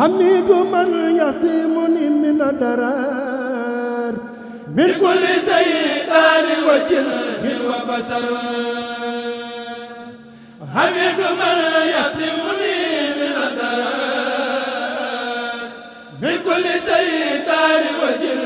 حميد من يسيمني من الدرار من كل سيئان وجن من وبشر حميد من يسيمني من الدرار من كل سيئان وجن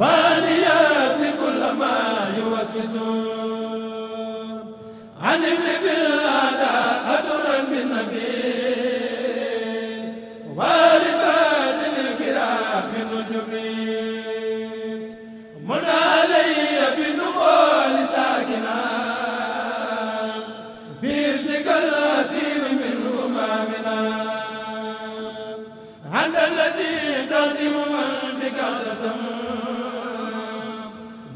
وليأتي كل ما يوسوس عن ابن بالأداء أدرا بالنبي ولبادل الكرام النجم من علي بالنقول ساكنا في ذكر الأسير من أمامنا عند الذي تزم من بك الدسم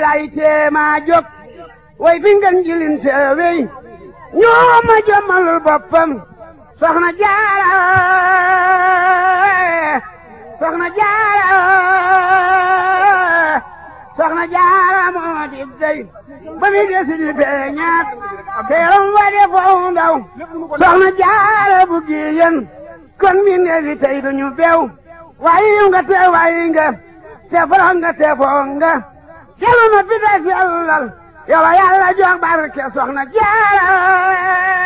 lay tee maa jóg way fi ngeen jilin seewey ñoo ma jëmalul boppam soxna Jaara na jaara na jaara moo di dey ba mi des di feeñaat teeram wa de faw ndaw na jaara bu géeyen kon mi ne fi tey duñu beew waayu nga te nga te forox nga te na fi des yàllal yow yàlla jox barke soxna jaara